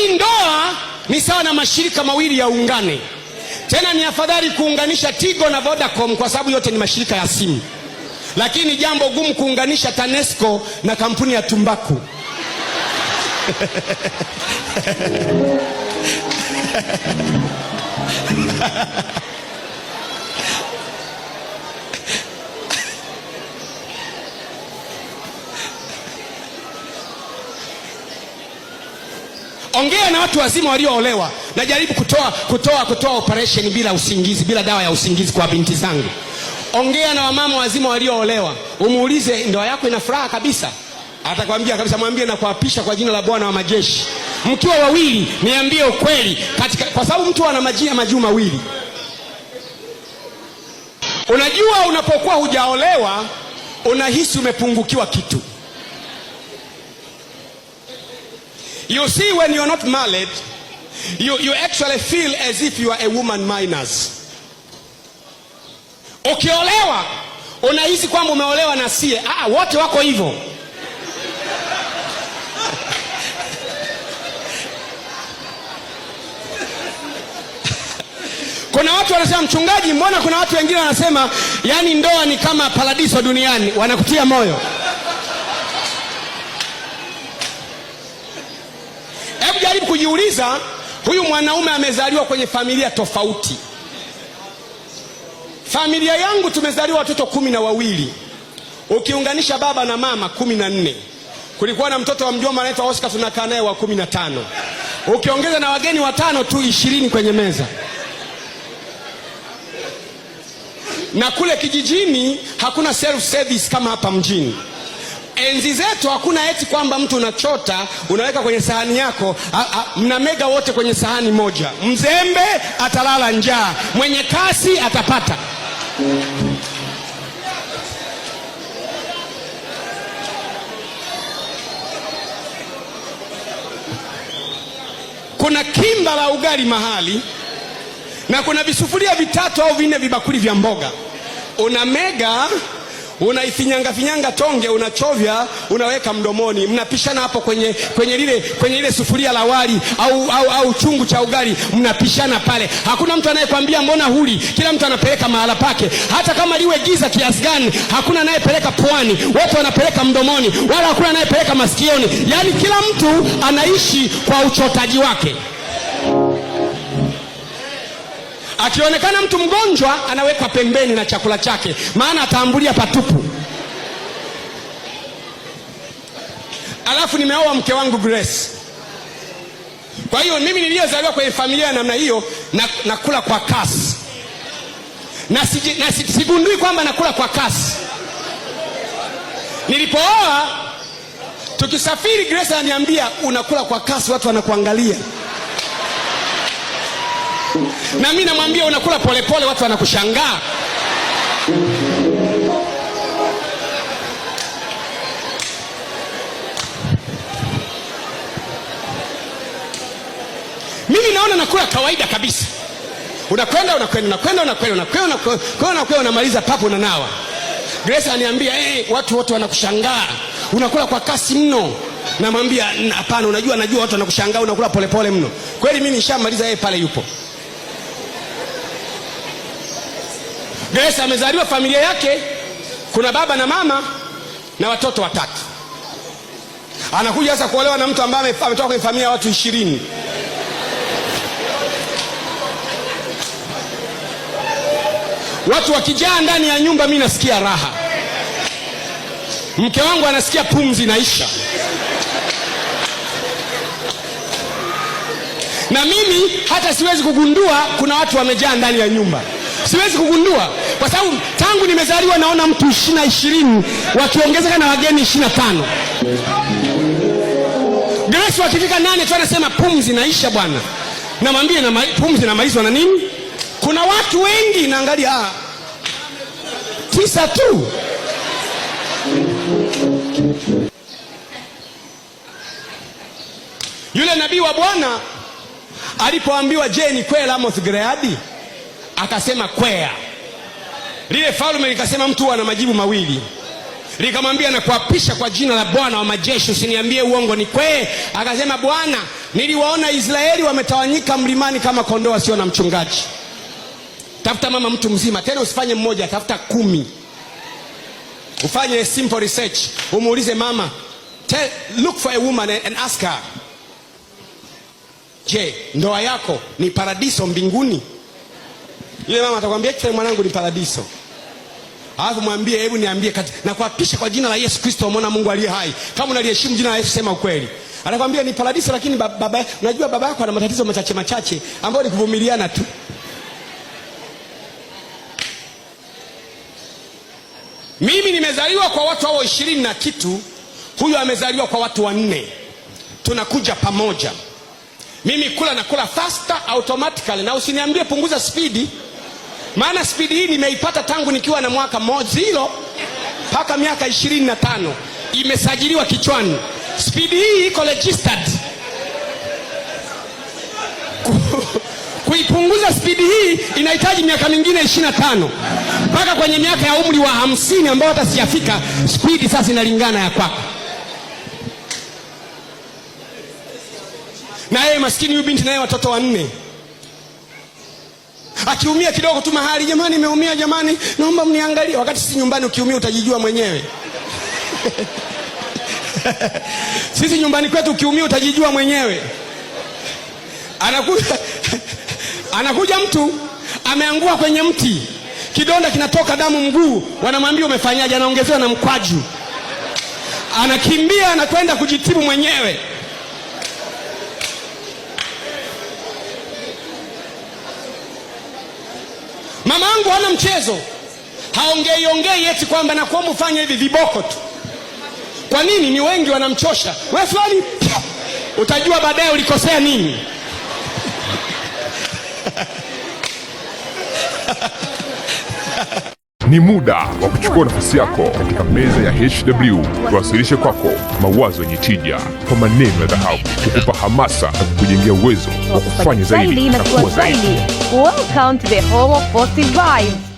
Hii ndoa ni sawa na mashirika mawili ya ungane Tena ni afadhali kuunganisha Tigo na Vodacom kwa sababu yote ni mashirika ya simu, lakini jambo gumu kuunganisha TANESCO na kampuni ya tumbaku Ongea na watu wazima walioolewa. Najaribu kutoa, kutoa, kutoa operation bila usingizi, bila dawa ya usingizi kwa binti zangu. Ongea na wamama wazima walioolewa, umuulize ndoa yako ina furaha kabisa? Atakwambia kabisa. Mwambie na kuapisha kwa jina la Bwana wa majeshi, mkiwa wawili niambie ukweli katika, kwa sababu mtu ana majina majuu mawili. Unajua, unapokuwa hujaolewa unahisi umepungukiwa kitu. You see, when you're not married, you, you actually feel as if you are a woman minors. Ukiolewa unahisi kwamba umeolewa na sie. Ah, wote wako hivyo. Kuna watu wanasema, mchungaji, mbona kuna watu wengine wanasema, yani ndoa ni kama paradiso duniani, wanakutia moyo kujiuliza, huyu mwanaume amezaliwa kwenye familia tofauti. Familia yangu tumezaliwa watoto kumi na wawili, ukiunganisha baba na mama kumi na nne. Kulikuwa na mtoto wa mjomba anaitwa Oscar, tunakaa naye wa kumi na tano, ukiongeza na wageni watano tu ishirini kwenye meza na kule kijijini hakuna self service kama hapa mjini enzi zetu hakuna eti kwamba mtu unachota unaweka kwenye sahani yako, mna mega wote kwenye sahani moja. Mzembe atalala njaa, mwenye kasi atapata. Kuna kimba la ugali mahali na kuna visufuria vitatu au vinne vibakuli vya mboga, una mega unaifinyanga finyanga tonge unachovya unaweka mdomoni, mnapishana hapo kwenye, kwenye, lile, kwenye lile sufuria la wali au, au, au chungu cha ugali, mnapishana pale. Hakuna mtu anayekwambia mbona huli, kila mtu anapeleka mahala pake. Hata kama liwe giza kiasi gani, hakuna anayepeleka pwani, wote wanapeleka mdomoni, wala hakuna anayepeleka masikioni. Yaani kila mtu anaishi kwa uchotaji wake. Akionekana mtu mgonjwa, anawekwa pembeni na chakula chake, maana ataambulia patupu. Alafu nimeoa mke wangu Grace. Kwa hiyo mimi niliyozaliwa kwenye familia ya namna hiyo, nakula kwa kasi na, si, na si, sigundui kwamba nakula kwa kasi. Nilipooa tukisafiri, Grace ananiambia unakula kwa kasi, watu wanakuangalia na mimi namwambia unakula polepole, watu wanakushangaa. Mimi naona nakula kawaida kabisa, unakwenda unakwenda unakwenda unakwenda unakwenda unakwenda unakwenda unamaliza papo unanawa. Grace aniambia hey, eh, watu wote wanakushangaa, unakula kwa kasi mno. Namwambia hapana, unajua najua watu wanakushangaa, unakula polepole pole mno. Kweli mimi nishamaliza, yeye pale yupo. Grace amezaliwa familia yake kuna baba na mama na watoto watatu. Anakuja sasa kuolewa na mtu ambaye ametoka kwenye familia ya watu ishirini. Watu wakijaa ndani ya nyumba, mi nasikia raha, mke wangu anasikia pumzi naisha, na mimi hata siwezi kugundua kuna watu wamejaa ndani ya nyumba siwezi kugundua, kwa sababu tangu nimezaliwa naona mtu ishirini na ishirini wakiongezeka na wageni ishirini na tano Grace wakifika nane tu anasema pumzi naisha bwana, namwambie na pumzi namalizwa na nini. Kuna watu wengi naangalia ah, tisa tu yule nabii wa Bwana alipoambiwa, je, ni kweli Amoth Gileadi akasema kwea. Lile falme likasema mtu ana majibu mawili, likamwambia nakuapisha kwa jina la Bwana wa majeshi, usiniambie uongo, ni kwee? Akasema, Bwana, niliwaona Israeli wametawanyika mlimani kama kondoo wasio na mchungaji. Tafuta mama mtu mzima, tena usifanye mmoja, tafuta kumi, ufanye simple research, umuulize mama Tell, look for a woman and ask her, je, ndoa yako ni paradiso mbinguni yule mama atakwambia kichwa mwanangu ni paradiso, alafu mwambie hebu niambie kati, na kuapisha kwa jina la Yesu Kristo, mwana Mungu aliye hai. Kama unaliheshimu jina la Yesu, sema ukweli. Anakwambia ni paradiso, lakini baba, unajua baba yako ana matatizo machache machache ambayo ni kuvumiliana tu. Mimi nimezaliwa kwa watu hao ishirini na kitu, huyu amezaliwa kwa watu wanne, tunakuja pamoja. Mimi kula na kula faster automatically, na usiniambie punguza spidi maana spidi hii nimeipata tangu nikiwa na mwaka mozilo mpaka miaka ishirini na tano imesajiliwa kichwani. Spidi hii iko registered. Kuipunguza spidi hii inahitaji miaka mingine ishirini na tano mpaka kwenye miaka ya umri wa hamsini ambayo hata sijafika, spidi sasa inalingana ya kwako. Na yeye maskini huyu binti naye watoto wanne akiumia kidogo tu mahali, jamani, imeumia jamani, naomba mniangalie, wakati sisi nyumbani ukiumia utajijua mwenyewe sisi nyumbani kwetu ukiumia utajijua mwenyewe. Anakuja, anakuja mtu ameangua kwenye mti, kidonda kinatoka damu mguu, wanamwambia umefanyaje? Anaongezewa na mkwaju, anakimbia anakwenda kujitibu mwenyewe. Mama yangu hana mchezo, haongei ongei eti kwamba nakuomba ufanye hivi, viboko tu. Kwa nini? Ni wengi wanamchosha, we fulani, utajua baadaye ulikosea nini. Ni muda wa kuchukua nafasi yako katika meza ya HW, tuwasilishe kwako mawazo yenye tija kwa maneno ya dhahabu, kukupa hamasa na kukujengea uwezo wa kufanya zaidi na kuwa zaidi. Welcome to the home of positive vibes.